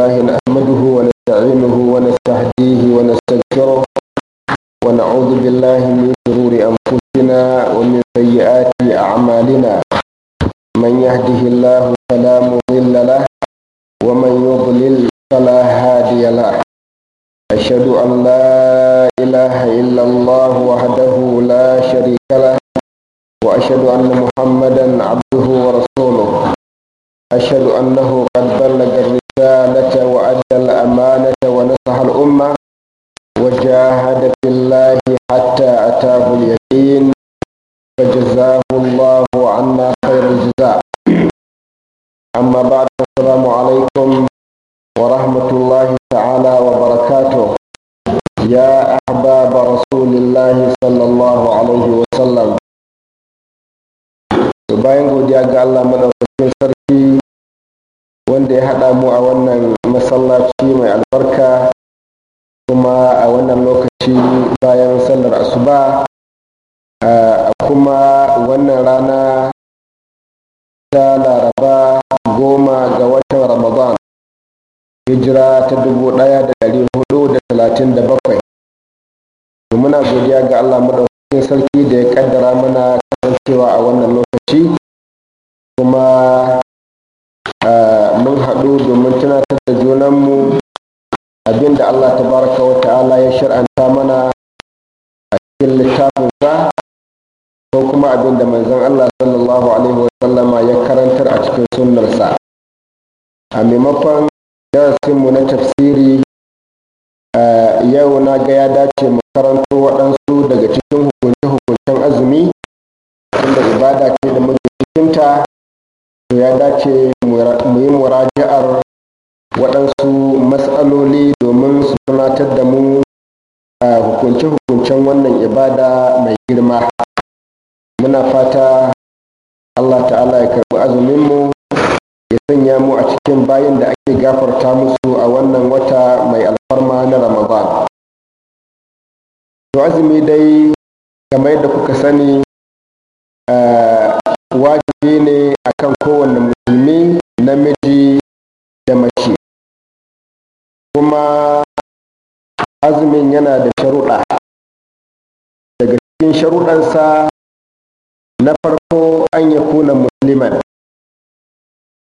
الله نحمده ونستعينه ونستهديه ونستغفره ونعوذ بالله من شرور أنفسنا ومن سيئات أعمالنا من يهده الله فلا مضل له ومن يضلل فلا هادي له أشهد أن لا إله إلا الله وحده لا شريك له وأشهد أن محمدا عبده ورسوله أشهد أنه قد بلغ الرسالة حتى أتاه اليقين فجزاه الله عنا خير الجزاء أما بعد السلام عليكم ورحمة الله تعالى وبركاته يا أحباب رسول الله صلى الله عليه وسلم bayan godiya ga Allah madaukakin sarki wanda ya haɗa mu a wannan masallaci mai albarka kuma a wannan lokaci hijira ta dubu ɗaya da dari hudu da talatin da bakwai muna godiya ga allah madaukakin sarki da ya kaddara mana kasancewa a wannan lokaci kuma mun haɗu domin tunatar da junanmu Abin da allah Ta baraka wa ta'ala ya shir'anta mana a cikin littafinsa ko kuma abin abinda manzon allah sallallahu alaihi wasallama ya karantar a cikin sunnarsa a maimakon darasinmu na tafsiri yau na ga ya dace mu karanto waɗansu daga cikin hukunce-hukuncen azumi inda ibada ce da muke cikinta to ya dace mu yi muraji'ar waɗansu matsaloli domin su tunatar da mu hukunce-hukuncen wannan ibada mai girma muna fata allah ta'ala ya karɓi azuminmu ya sanya mu a cikin bayan da gafarta musu a wannan wata mai alfarma na ramadan to azumi dai kamar da kuka sani eh, wajibi ne akan kowane musulmi namiji da mace kuma azumin yana da sharuɗa daga cikin sharuɗansa na farko an ya kuna musulman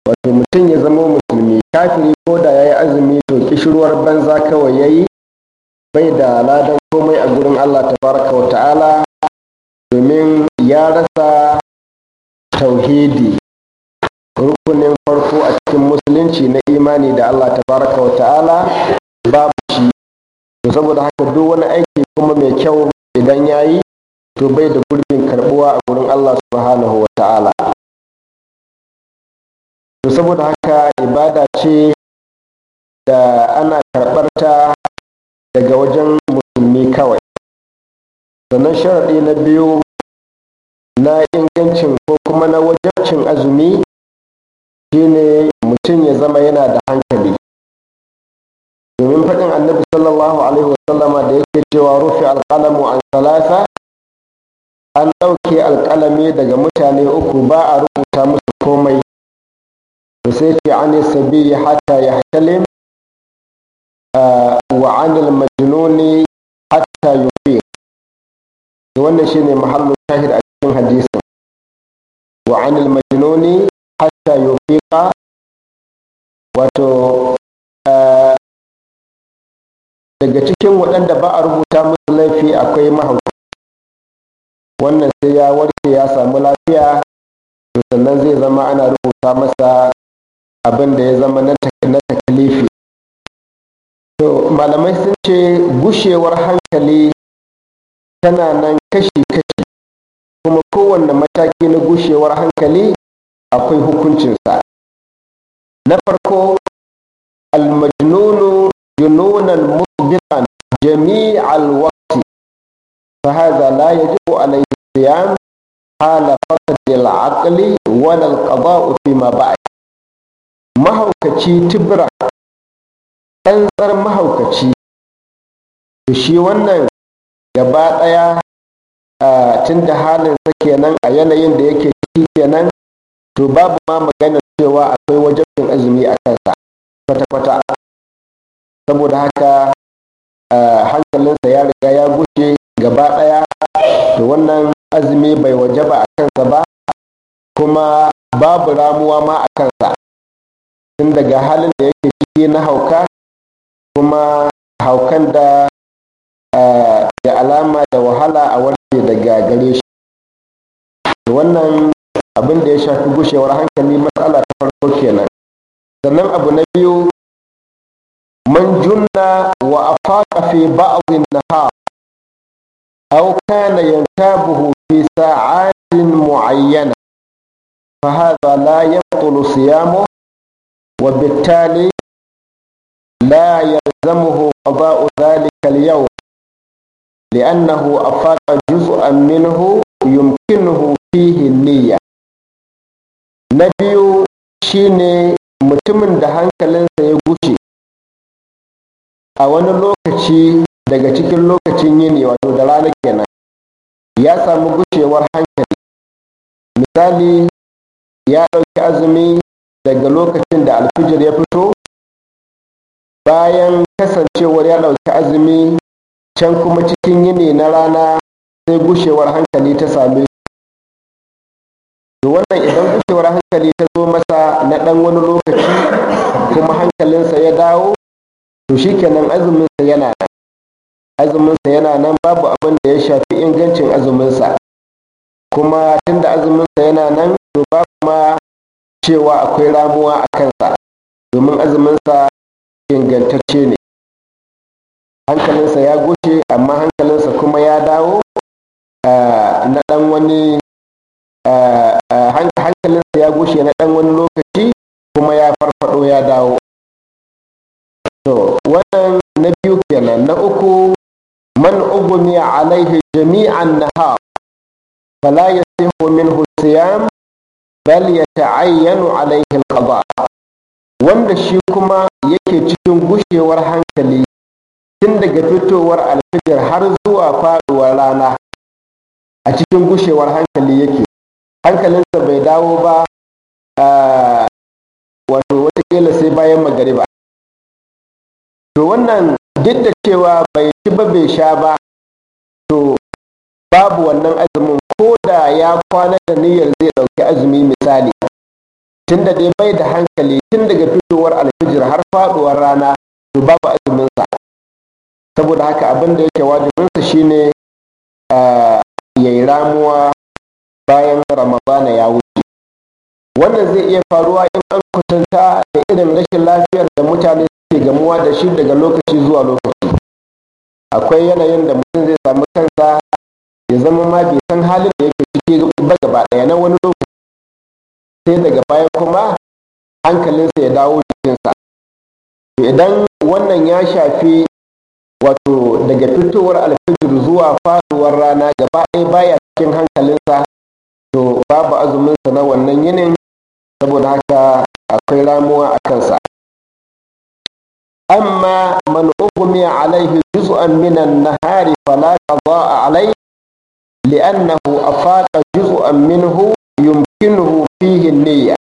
wato mutum ya zama musulmi kafiri ko da ya yi azumi to kishirwar banza kawai ya yi bai da ladan komai a gurin Allah ta baraka wa ta'ala domin ya rasa tauhidi rukunin farko a cikin musulunci na imani da Allah ta baraka wa ta'ala babu shi to saboda haka duk wani aiki kuma mai kyau idan ya yi to bai da gurbin karbuwa a gurin Allah subhanahu wa to saboda haka ibada ce da ana karɓar daga wajen musulmi kawai sannan sharaɗi na biyu na ingancin ko kuma na wajabcin azumi shine mutum ya zama yana da hankali domin faɗin annabi sallallahu alaihi wasallama da yake cewa rufe alƙalamu an salasa an ɗauke alƙalami daga mutane uku ba a rubuta musu komai sai ce an sabi hatta ya halim wa anil majnuni hatta yufi wannan ne mahallu shahid a cikin hadisin wa anil majnuni hatta yufiqa wato daga cikin waɗanda ba a rubuta musu laifi akwai mahauta wannan sai ya warke ya samu lafiya to sannan zai zama ana rubuta masa abin da ya zama na takalifi to malamai sun ce gushewar hankali tana nan kashi-kashi kuma kowanne mataki na gushewar hankali akwai hukuncinsa na farko almajnunu jununan mubitan jami'al waqti fa hadha la yajibu alayhi siyam hala fasad al-aqli wa al-qada'u ma ba'd mahaukaci tibra tsantsar mahaukaci to shi wannan gaba ɗaya tun da halin sa kenan a yanayin da yake ciki kenan to babu ma magana cewa akwai cin azumi a kansa kwata-kwata saboda haka hankalinsa ya riga ya gushe gaba ɗaya to wannan azumi bai waje ba a kansa ba kuma babu ramuwa ma a kansa tun daga halin da yake ciki na hauka kuma haukan da ya alama da wahala a warke daga gare shi wannan abin da ya shafi gushewar hankali matsala ta farko kenan sannan abu na biyu man junna wa afaqa fi ba'd an-nahar aw kana yantabuhu fi sa'atin mu'ayyana fa hadha la yabtulu siyamuhu وبالتالي لا يلزمه قضاء ذلك اليوم لأنه أفاق جزءا منه يمكنه فيه النية نبيو شيني mutumin da hankalinsa ya gushe a wani lokaci daga cikin lokacin yini wato da rana kenan ya samu gushewar hankali misali ya ɗauki azumi daga lokacin da alfijir ya fito bayan kasancewar ya ɗauki azumi can kuma cikin yini na rana sai gushewar hankali ta same shi wannan idan gushewar hankali ta zo masa na ɗan wani lokaci kuma hankalinsa ya dawo to shikenan azuminsa yana nan azuminsa yana nan babu abin da ya shafi ingancin azuminsa kuma tunda azuminsa yana nan to babu ma cewa akwai ramuwa a kansa domin azuminsa ingantacce ne hankalinsa ya gushe amma hankalinsa kuma ya dawo ah, na ɗan wani ah, ah, hankalinsa ya gushe na ɗan wani lokaci kuma ya farfado ya dawo to wannan na biyu kenan na uku man ugumi alaihi jami'an nahar fala yasihu minhu siyam bal ta'ayyanu alaihi alqada wanda shi kuma yake cikin gushewar hankali tun daga fitowar alfijir har zuwa faduwar rana a cikin gushewar hankali yake hankalinsa bai dawo ba wato wata watakila sai bayan magariba to wannan duk da cewa bai ci ba bai sha ba to babu wannan azumin ko da ya kwana da niyyar zai ɗauki azumi misali tun da dai bai da hankali tun daga fitowar alfijir har faɗuwar rana to babu azuminsa saboda haka abin da yake wajibinsa shine ya yi ramuwa bayan ramadana ya wuce wannan zai iya faruwa in an kwatanta da irin rashin lafiyar da mutane suke gamuwa da shi daga lokaci zuwa lokaci akwai yanayin da mutum zai samu kansa zama ma bai san halin da yake ciki ba gaba ɗaya na wani lokaci sai daga baya kuma hankalinsa ya dawo jikinsa idan wannan ya shafi wato daga fitowar alfijir zuwa faruwar rana gaba ɗaya baya cikin hankalinsa to babu azuminsa na wannan yinin saboda haka akwai ramuwa a kansa amma man ughmiya alaihi juz'an minan nahari fala qada'a alai لأنه أفاق جزءا منه يمكنه فيه النية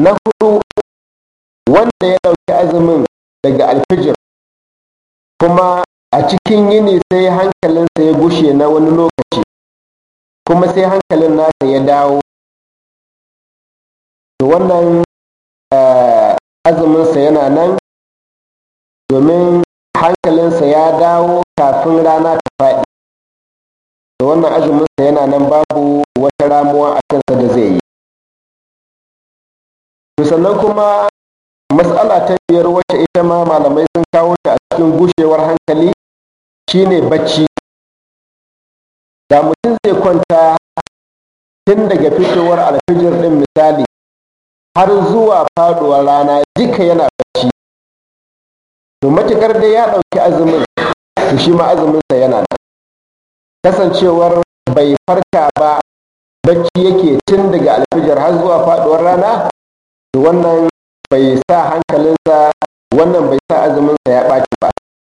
نهر wanda ya ɗauki azumin daga alfijir kuma a cikin yini sai hankalinsa ya bushe na wani lokaci kuma sai hankalin nasa ya dawo to wannan azuminsa yana nan domin hankalinsa ya dawo kafin rana ta faɗi wannan azumin sa yana nan babu wata ramuwa a kansa da zai yi to sannan kuma matsala ta biyar wacce ita ma malamai sun kawo ta a cikin gushewar hankali shine bacci da mutum zai kwanta tun daga fitowar alfijir ɗin misali har zuwa faduwar rana duka yana bacci to matukar dai ya ɗauki azumin to shi ma azumin sa yana kasancewar bai farka ba bacci yake tun daga alfijar har zuwa faduwar rana to wannan bai sa hankalinsa wannan bai sa azuminsa ya ɓaci ba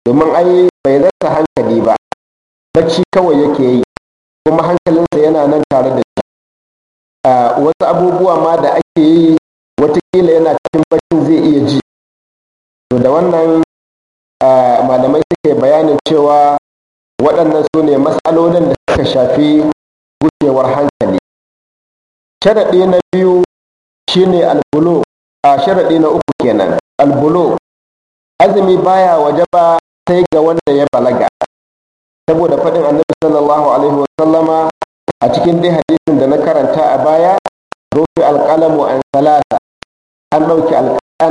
domin ai bai rasa hankali ba bacci kawai yake yi kuma hankalinsa yana nan tare da shi wasu abubuwa ma da ake yi watakila yana cikin bacin zai iya ji to da wannan malamai suke bayanin cewa waɗannan su ne matsalolin da suka shafi gujewar hankali sharaɗi na biyu shine albulo a sharaɗi na uku kenan albulo azumi baya waje ba sai ga wanda ya balaga saboda faɗin annabi sallallahu alaihi wa sallama a cikin dai hadisin da na karanta a baya rufe alƙalamu an salasa an ɗauki an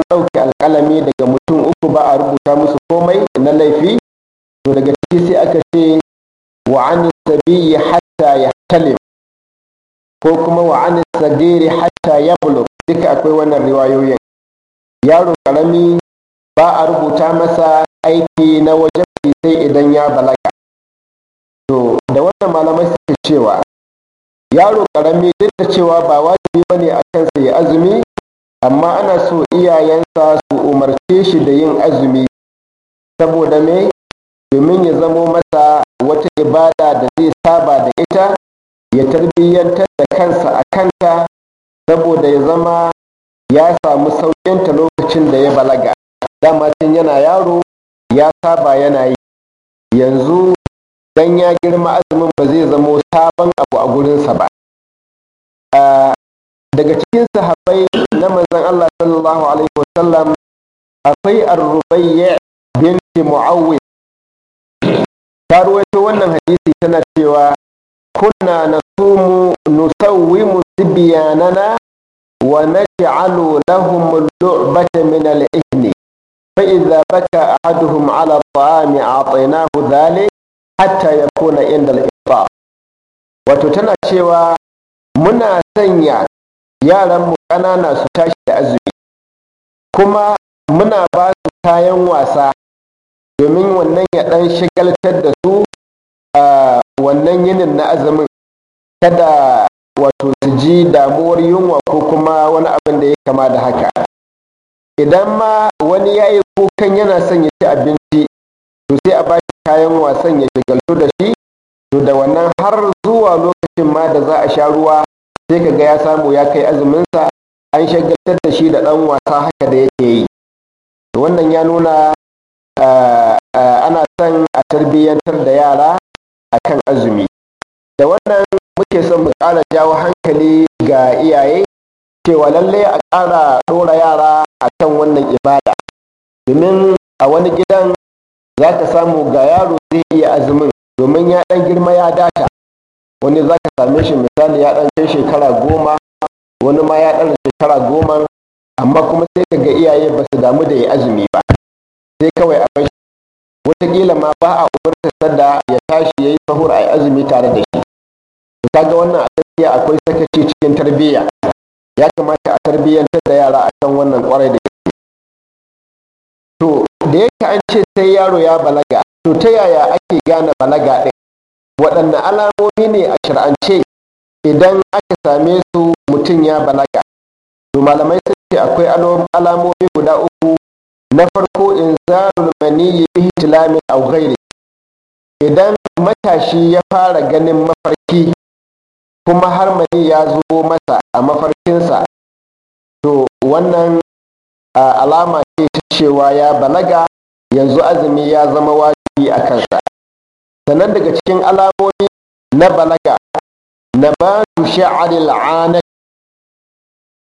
ɗauki alƙalami daga mutum uku ba a rubuta musu komai na laifi to daga ciki sai aka ce wa an hata hatta ko kuma wa an sagiri hatta ya bulo duka akwai wannan riwayoyin yaro karami ba a rubuta masa aiki na wajen sai idan ya balaga to da wannan malamai suka cewa yaro karami duk da cewa ba wajibi bane a kansa ya azumi amma ana so iyayensa su umarce shi da yin azumi tarbiyyantar da kansa a kanta saboda ya zama ya samu sauƙinta lokacin da ya balaga dama tun yana yaro ya saba yana yi yanzu dan ya girma azumin ba zai zamo sabon abu a gurinsa ba daga cikin sahabai na manzon Allah sallallahu alaihi wasallam akwai ar-rubayya binti mu'awwid ta ruwaito wannan hadisi tana cewa kunna نسوم صبياننا ونجعل لهم اللعبة من العهن فإذا بكى أحدهم على الطعام أعطيناه ذلك حتى يكون عند الإفطار وتتنا شوى منا سنيا يا رم قنانا ستاشي أزوي كما منا باس kayan wasa domin wannan ya ɗan shigaltar da su a wannan yinin na azumin kada wato su ji damuwar yunwa ko kuma wani abin da ya kama da haka idan ma wani ya yi kukan yana son ya ci abinci to sai a ba shi kayan wasan ya shigalto da shi to da wannan har zuwa lokacin ma da za a sha ruwa sai ka ga ya samu ya kai azuminsa an shagaltar da shi da ɗan wasa haka da yake yi wannan ya nuna eh, eh, ana son a tarbiyyantar da yara akan azumi ƙara jawo hankali ga iyaye cewa lallai a ƙara ɗora yara a kan wannan ibada domin a wani gidan za ka samu ga yaro zai iya azumin domin ya ɗan girma ya data wani za ka same shi misali ya ɗan kai shekara goma wani ma ya ɗan shekara goma amma kuma sai daga iyaye ba su damu da ya azumi ba sai kawai a bashi wataƙila ma ba a umarta da ya tashi ya yi sahur a azumi tare da shi ga wannan akwai sakaci cikin tarbiyya ya kamata a tarbiyyantar da yara a akan wannan kwarai da gaske to da yake an ce sai yaro ya balaga to ta yaya ake gane balaga ɗin waɗanne alamomi ne a shir'ance idan aka same su mutum ya balaga to malamai sun ce akwai alamomi guda uku na farko in za zarul yi bihi tilamin au idan matashi ya fara ganin mafarki kuma har mai ya zo masa a mafarkinsa to wannan alama ce ta cewa ya balaga yanzu azumi ya zama wajibi a kansa sannan daga cikin alamomi na balaga na ba su sha'aril anak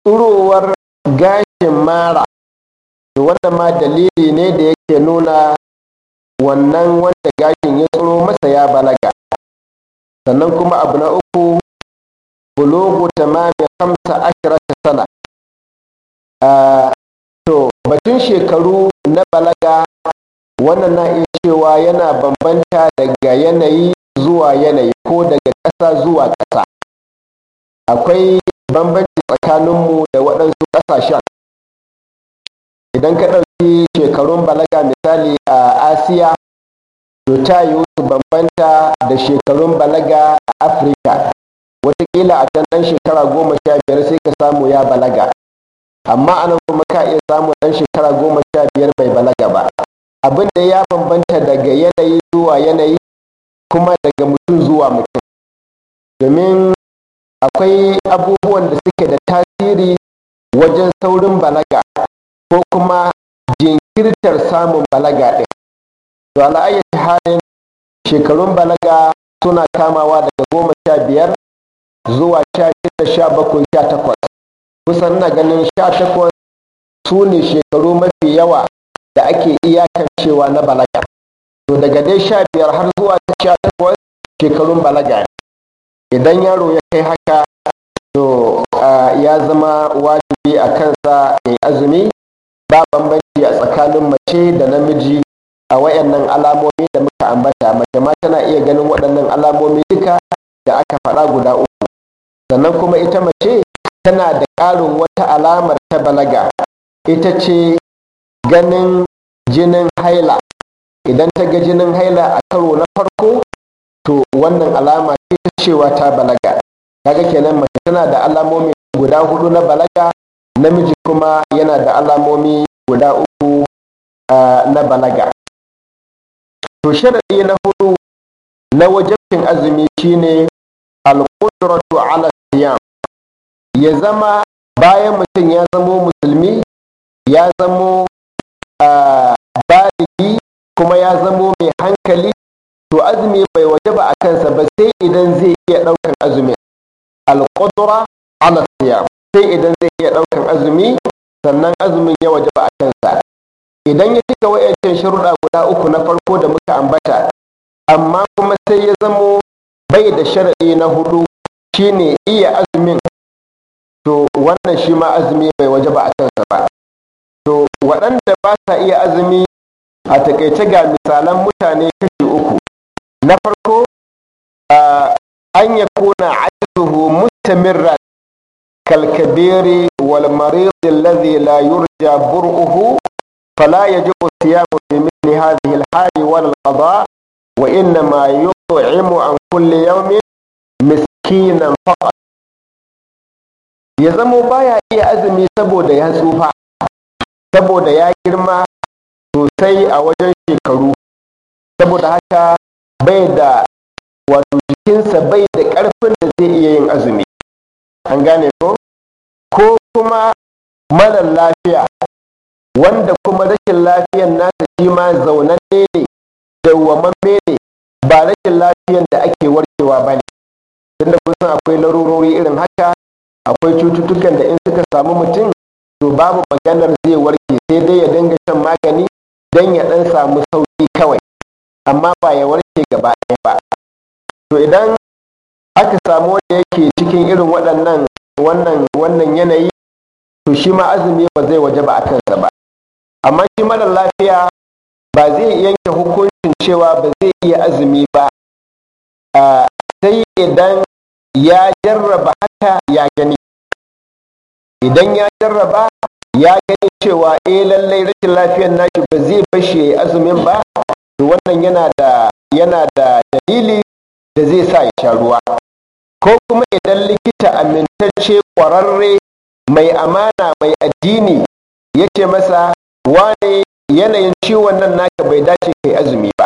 tsurowar gashin mara to wannan ma dalili ne da yake nuna wannan wanda gashin ya tsoro masa ya balaga sannan kuma abu na uku bulugu tamami kamsa ashirata sana to batun shekaru na balaga wannan na iya cewa yana bambanta daga yanayi zuwa yanayi ko daga ƙasa zuwa ƙasa akwai bambanci tsakaninmu da waɗansu ƙasashen idan ka ɗauki shekarun balaga misali a asiya to ta yiwu su bambanta da shekarun balaga a afirka wataƙila a can ɗan shekara goma sha biyar sai ka samu ya balaga amma nan kuma ka iya samu ɗan shekara goma sha biyar bai balaga ba abin da ya bambanta daga yanayi zuwa yanayi kuma daga mutum zuwa mutum domin akwai abubuwan da suke da tasiri wajen saurin balaga ko kuma jinkirtar samun balaga ɗin to ala'ayyar halin shekarun balaga suna kamawa daga goma sha biyar zuwa sha shida sha bakwai sha takwas kusan na ganin sha takwas su ne shekaru mafi yawa da ake iyakancewa na balaga to daga dai sha biyar har zuwa sha takwas shekarun balaga idan yaro ya kai haka to ya zama wajibi a kansa ya azumi ba bambanci a tsakanin mace da namiji a wayannan alamomi da muka ambata mace ma tana iya ganin waɗannan alamomi duka da aka faɗa guda uku tana da ƙarin wata alamar ta balaga ita ce ganin jinin haila idan ta ga jinin haila a karo na farko to wannan alama ce ta cewa ta balaga kaga kenan mace tana da alamomi guda hudu na balaga namiji kuma yana da alamomi guda uku na balaga to sharaɗi na hudu na wajabcin azumi shine al ala ya zama bayan mutum ya zamo musulmi ya zamo baligi kuma ya zamo mai hankali to azumi bai waje ba a kansa ba sai idan zai iya ɗaukan azumin alƙudura ala siyam sai idan zai iya ɗaukan azumi sannan azumin ya waje ba a kansa idan ya cika wayancin sharuɗa guda uku na farko da muka ambata amma kuma sai ya zamo bai da sharaɗi na hudu shine iya azumin to wannan shi ma azumi bai waje ba a kansa ba to waɗanda ba sa iya azumi a takaice ga misalan mutane kashi uku na farko an ya kuna ajizuhu mustamirra kalkabiri wal marid alladhi la yurja bur'uhu فلا يجب الصيام في مثل هذه الحال ولا القضاء وإنما يطعم عن كل يوم مسكينا فقط ya zamo baya iya azumi saboda ya tsufa saboda ya girma sosai a wajen shekaru saboda haka bai da wato jikinsa bai da karfin da zai iya yin azumi an gane ko ko kuma mara lafiya wanda kuma rashin lafiyan nasa shi ma zaunanne ne dawwamamme ne ba rashin lafiyan da ake warkewa ba ne tunda kusan akwai larurori irin haka cututtukan da in suka samu mutum to babu maganar zai warke sai dai ya dinga shan magani don ya dan samu sauki kawai amma ba ya warke gaba ɗaya ba to idan aka samu wanda yake cikin irin waɗannan wannan wannan yanayi to shi ma azumi ba zai waje ba a kansa ba amma shi mara lafiya ba zai yanke hukuncin cewa ba zai iya azumi ba ah, sai idan ya jarraba haka ya gani idan ya jarraba ya gani cewa eh lallai rashin lafiyar nashi ba zai bashi ya yi azumin ba to wannan yana da yana da dalili da zai sa ya sha ruwa ko kuma idan likita amintacce kwararre mai amana mai addini ya ce masa wane yanayin ciwon nan naka bai dace kai azumi ba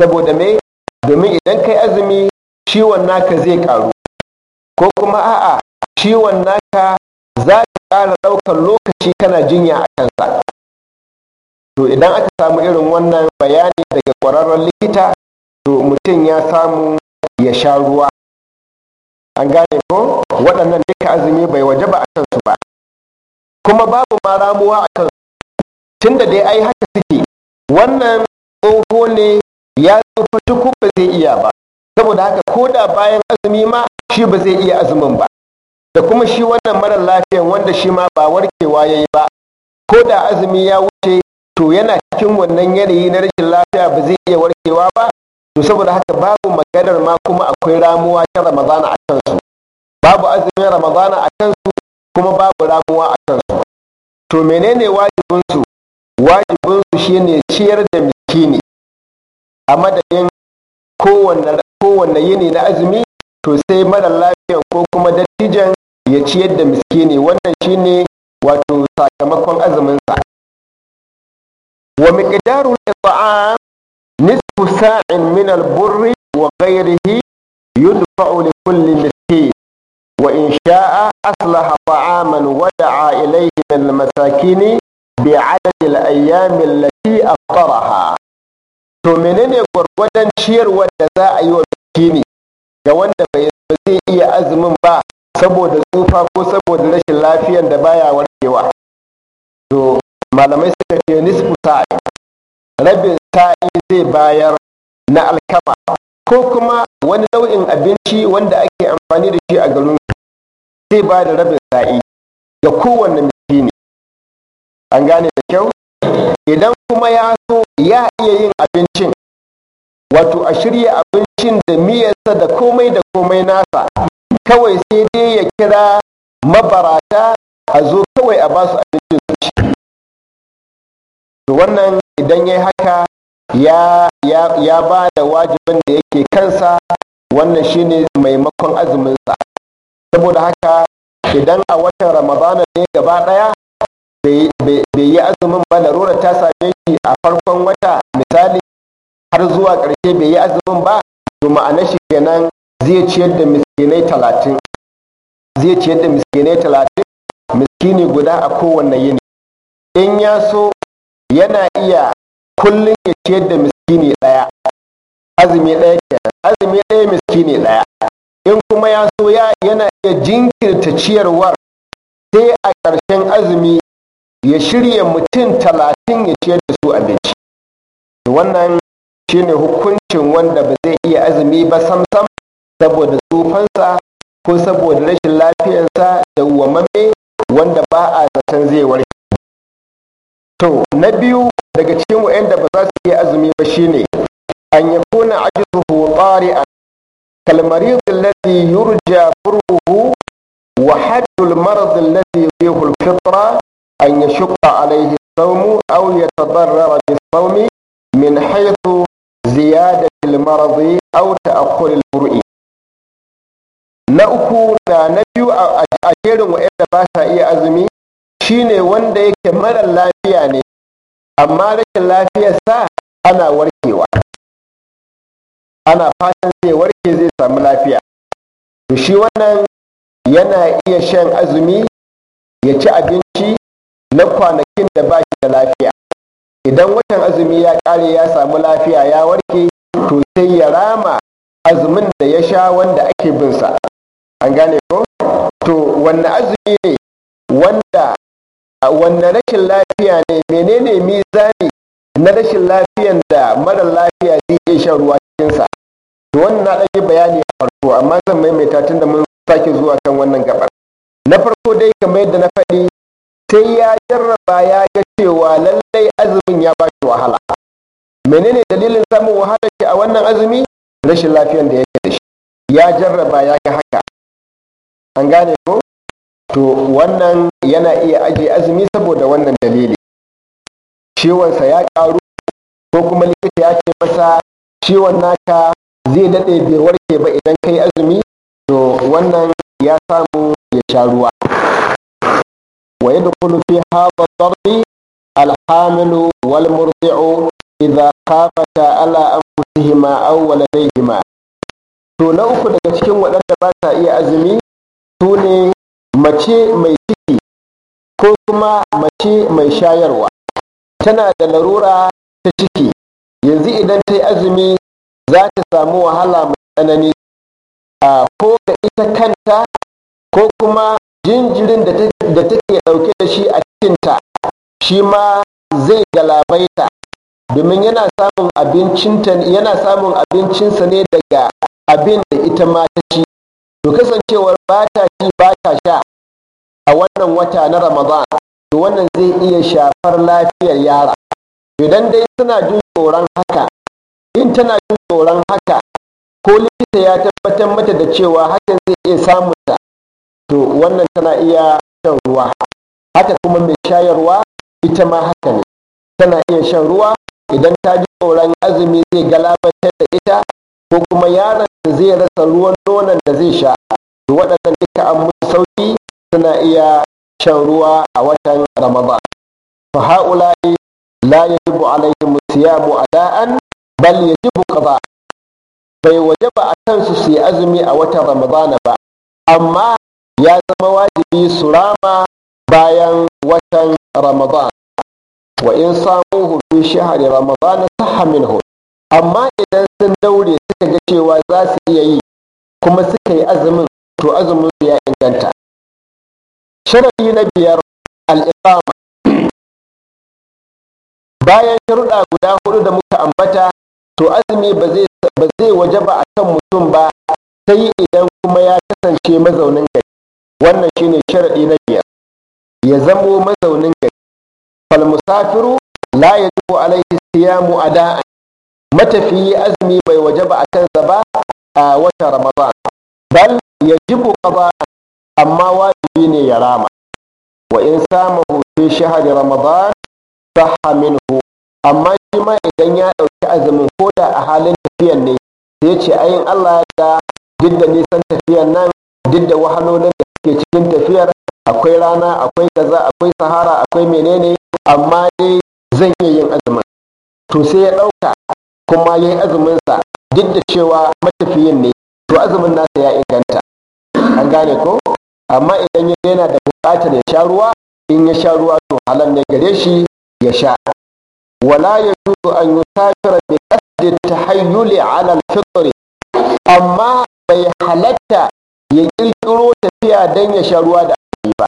saboda me domin idan kai azumi ciwon naka zai karu ko kuma a'a ciwon naka kara ɗaukar lokaci kana jinya a kansa to idan aka samu irin wannan bayani daga kwararren likita to mutum ya samu ya sha ruwa an gane ko waɗannan duka azumi bai waje ba a kansu ba kuma babu ma ramuwa a kansu tunda dai ai haka suke wannan tsoho ne ya tsofa tukun ba zai iya ba saboda haka ko da bayan azumi ma shi ba zai iya azumin ba da kuma shi wannan marar lafiyan wanda shi ma ba warkewa ya yi ba ko da azumi ya wuce to yana cikin wannan yanayi na rashin lafiya ba zai iya warkewa ba to saboda haka babu maganar ma kuma akwai ramuwa ta ramadana a kansu babu azumin ramadana a kansu kuma babu ramuwa a kansu to menene wajibinsu wajibinsu shine ciyar da miskini a madadin kowanne yini na azumi to sai mara lafiyan ko kuma dattijan ya ciyar da miskini wannan shine wato sakamakon azumin sa wa miqdaru al-ta'am nisfu sa'in min al-burr wa ghayrihi yudfa'u li kulli miskin wa in sha'a aslaha ta'aman wada'a ilayhi min al-masakin al-ayyam allati أفطرها to menene gwargwadon ciyarwar da za a yi wa miskini ga wanda bai zai iya azumin ba saboda tsufa ko saboda rashin lafiyan da baya warkewa to malamai suka ce nisfu sa'i rabin sa'i zai bayar na alkama ko kuma wani nau'in abinci wanda ake amfani da shi a garin zai ba da rabin sa'i ga kowanne ne. an gane da kyau idan kuma ya so ya iya yin abincin wato a shirya abincin da miyarsa da komai da komai nasa kawai kira mabarata a zo kawai a ba su abincin su wannan idan ya haka ya ba da wajibin da yake kansa wannan shine maimakon azumin azuminsa saboda haka idan a watan ramadana ne gaba daya bai yi azumin ba larura ta same shi a farkon wata misali har zuwa ƙarshe bai yi azumin ba to ma'ana shi kenan zai ciyar da miskinai talatin zai ciyar da miskinai talatin miskini guda a kowane yini in ya so yana iya kullum ya ciyar da miskini ɗaya azumi ɗaya ke azumi ɗaya miskini ɗaya in kuma ya so ya yana iya jinkirta ciyarwar sai a ƙarshen azumi ya shirya mutum talatin ya ciyar da su abinci wannan shine hukuncin wanda ba zai iya azumi ba samsam saboda tsufansa ko saboda rashin lafiyarsa da wamamme wanda ba a zaton zai warke to na biyu daga cikin wa'anda ba za su yi azumi ba shine an yakuna ajzuhu qari'an kal marid alladhi yurja furuhu wa haddul marad alladhi yuhu al-fitra an yashqa alayhi الصوم أو يتضرر بالصوم من حيث زيادة المرض أو تأخر البرء na uku na na biyu a jerin wa'yanda ba sa iya azumi shine wanda yake mara lafiya ne amma rashin sa ana warkewa ana fatan zai warke zai samu lafiya to shi wannan yana iya shan azumi ya ci abinci na kwanakin da ba shi da lafiya idan watan azumi ya kare ya samu lafiya ya warke to sai ya rama azumin da ya sha wanda ake sa. an gane ko to wanne azumi ne wanda wanne rashin lafiya ne menene mizani na rashin lafiyan da mara lafiya zai iya shan ruwa sa to wannan na ɗan bayani a farko amma zan maimaita tunda da mun sake zuwa kan wannan gabar na farko dai kamar yadda na faɗi sai ya jarraba ya ga cewa lallai azumin ya ba shi wahala menene dalilin samun wahala shi a wannan azumi rashin lafiyan da yake da shi ya jarraba ya ga haka an gane ko to wannan yana iya ajiye azumi saboda wannan dalili ciwonsa ya karu ko kuma likita ya ce masa ciwon naka zai daɗe bai warke ba idan kai azumi to wannan ya samu ya sha ruwa wa yadkhulu fi hadha ad-darbi al-hamilu wal murdi'u idza khafata ala anfusihima aw waladayhima to na uku daga cikin waɗanda ba sa iya azumi mace mai ciki ko kuma mace mai shayarwa tana da larura ta ciki yanzu idan ta yi azumi za ta samu wahala mai tsanani a ko da ita kanta ko kuma jinjirin da take ɗauke da shi a cikinta shi ma zai galabaita domin yana samun abincinta yana samun abincinsa ne daga abin da ita ma ta ci to kasancewar ba ta ci ba ta sha a wannan wata na ramadan to wannan zai iya shafar lafiyar yara idan dai suna jin tsoron haka in tana jin tsoron haka ko likita ya tabbatar mata da cewa hakan zai iya samun ta to wannan tana iya shan ruwa haka kuma mai shayarwa ita ma haka ne tana iya shan ruwa idan ta ji tsoron azumi zai galabatar da ita ko kuma yaron zai rasa ruwan nonon da zai sha to waɗannan duka an musu sauki iya shan ruwa a watan ramadan fa ha'ula'i la yajibu alaihim siyamu ada'an bal yajibu qada bai wajaba a kansu su yi azumi a watan ramadan ba amma ya zama wajibi su rama bayan watan ramadan wa in samuhu fi shahri ramadan sahha minhu amma idan sun daure suka ga cewa za su iya yi kuma suka yi azumin to azumin ya inganta Shirayi na biyar al’iƙama bayan shirɗa guda hudu da muka ambata to azumi ba zai waje ba a kan mutum ba sai idan kuma ya kasance mazaunin gari wannan shi ne sharaɗi na biyar ya zamo mazaunin gari fal musafiru la ya yajibu alaihi siyamu da'a. matafiyi azumi bai waje ba a kansa ba a watan ramadan bal ya yajibu ba, amma ne ya rama wa in samu fi shahari ramadan sahha hu. amma shi ma idan ya ɗauki azumin ko da a halin tafiyan ne sai ce ayin Allah ya da duk da nisan tafiyan nan duk da wahalolin da suke cikin tafiyar akwai rana akwai kaza akwai sahara akwai menene amma dai zan iya yin azumin to sai ya ɗauka kuma ya yi azuminsa duk da cewa matafiyin ne to azumin nasa ya inganta an gane ko amma idan yana da buƙatar ya sha ruwa in ya sha ruwa to halal ne gare shi ya sha wala ya yajuzu an yi yusafira bi qasdi tahayyuli ala al-fitr amma bai halatta ya kirkiro tafiya dan ya sha ruwa da azumi ba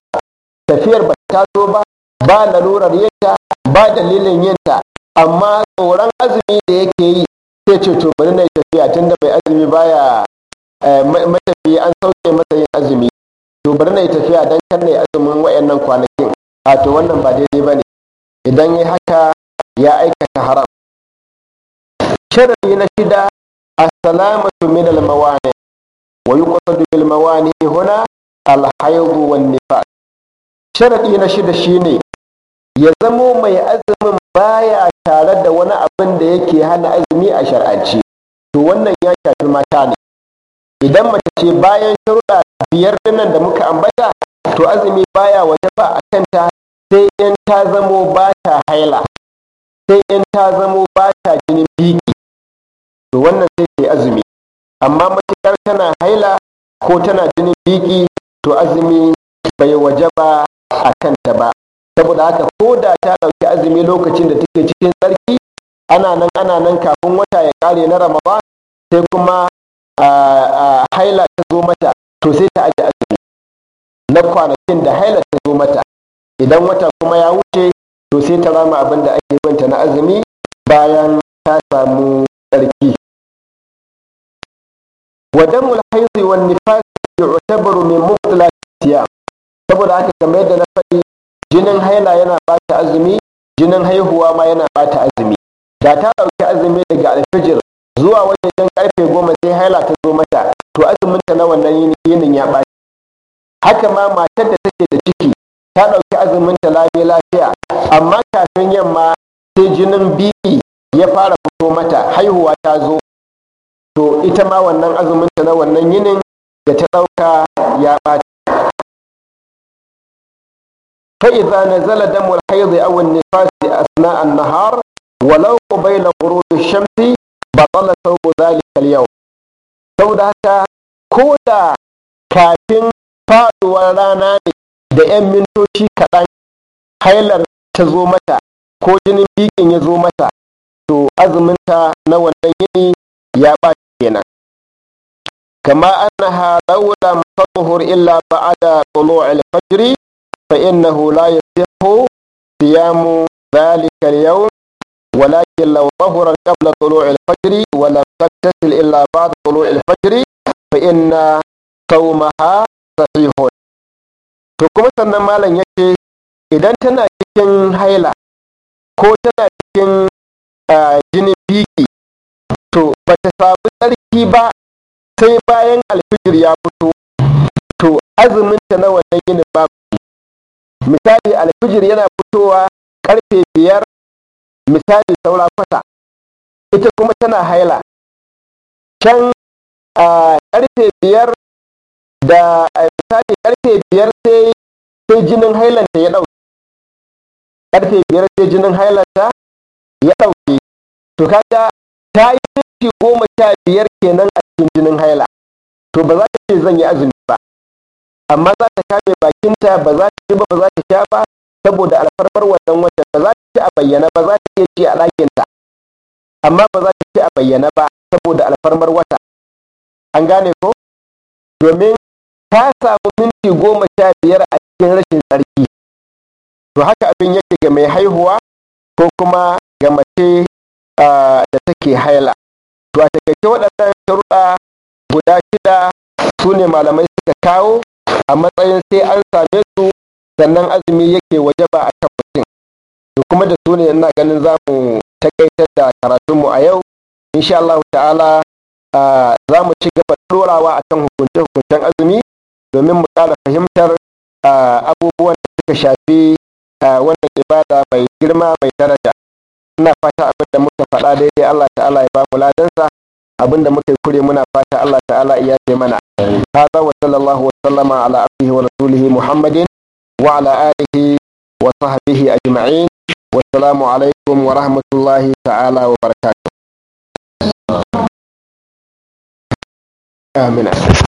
tafiyar ba ta zo ba ba lalurar yinta ba dalilin yinta amma tsoron azumi da yake yi sai ce to bari na yi tafiya tunda mai azumi baya eh, matafiya an sauke masa yin azumi bari na tafiya don kan azumin wayannan kwanakin wato wannan ba daidai ba ne idan ya haka ya aikata haram sharri na shida a salamatu min wa yuqsadu bil mawani huna al-hayd nifas sharadi na shida shine ya zamo mai azumin baya tare da wani abin da yake hana azumi a shari'anci, to wannan ya shafi mata ne idan mace ce bayan sharuɗa biyar nan da muka ambata to azumi baya waje ba a kanta sai in ta zamo ba ta haila sai in ta zamo ba ta jinin biki to wannan sai ta azumi amma matuƙar tana haila ko tana jinin biki to azumi bai waje ba a kanta ba saboda haka ko da ta ɗauki azumi lokacin da take cikin tsarki ana nan ana nan kafin wata ya ƙare na ramadan sai kuma ah, ah, haila ta zo mata to sai ta aje azumi na kwanakin da haila ta zo mata idan wata kuma ya wuce to sai ta rama abin da ake banta na azumi bayan ta samu tsarki wa damul haidi wan nifas yu'tabaru min mutlaq siyam saboda haka kamar da na faɗi jinin haila yana bata azumi jinin haihuwa ma yana bata azumi da ta ɗauki azumi daga alfijir zuwa wajen karfe goma azuminta na wannan yinin ya haka ma matar da take da ciki ta ɗauki ta lafiya lafiya amma kafin yamma sai jinin biki ya fara fito mata haihuwa ta zo to ita ma wannan azumin ta na wannan yinin da ta ɗauka ya ɓaci فإذا نزل دم الحيض أو النفاس أثناء النهار ولو قبيل da الشمس بطل ثوب ذلك اليوم saboda koda kafin faduwar rana ne da 'yan mintoci kaɗan hailar ta zo mata ko jinin bikin ya zo mata to azuminta na wannan yini ya ɓaci kenan kama annaha laula mutahhur illa ba'da al fajr fa innahu la yasihu siyamu ذلك اليوم ولكن لو ظهر قبل طلوع الفجر ولم تتصل إلا بعد طلوع الفجر inna saumaha sahihun to kuma sannan malam yake idan tana cikin haila ko tana cikin jinin biki to ba ta samu tsarki ba sai bayan alfijir ya fito to azumin azuminta na wannan yinin ba misali alfijir yana fitowa karfe biyar misali saura fata ita kuma tana haila can karfe biyar da a eh, misali karfe biyar sai sai jinin hailanta ya ɗauke karfe biyar sai jinin hailanta ya ɗauke to kaga ta yi minti goma sha biyar kenan a cikin jinin haila to ba za ta ce zan yi azumi ba amma za ta kame bakinta ba za ta ci ba ba za ta sha ba saboda alfarmar wannan wata ba za ta ci a bayyana ba za ta iya ci a ɗakinta amma ba za ta ci a bayyana ba saboda alfarmar wata gane ko domin ta samu minti goma sha biyar a cikin rashin tsarki to haka abin yake ga mai haihuwa ko kuma ga mace da take haila to a takaice waɗannan sharuɗa guda shida su ne malamai suka kawo a matsayin sai an same su sannan azumi yake waje ba a kan mutum to kuma da su ne ina ganin za mu takaitar da karatunmu a yau insha Allah ta'ala za mu ci gaba dorawa a kan hukunce-hukuncen azumi domin mu ƙara fahimtar abubuwan da suka shafi wannan ibada mai girma mai daraja ina fata abin da muka faɗa daidai Allah ta'ala ya ba mu ladansa abin da muka kure muna fata Allah ta'ala ya yi mana hada wa sallallahu wa sallama ala abdihi wa rasulihi muhammadin wa ala alihi wa sahbihi ajma'in wa salamu alaikum wa rahmatullahi ta'ala wa barakatuh amenaza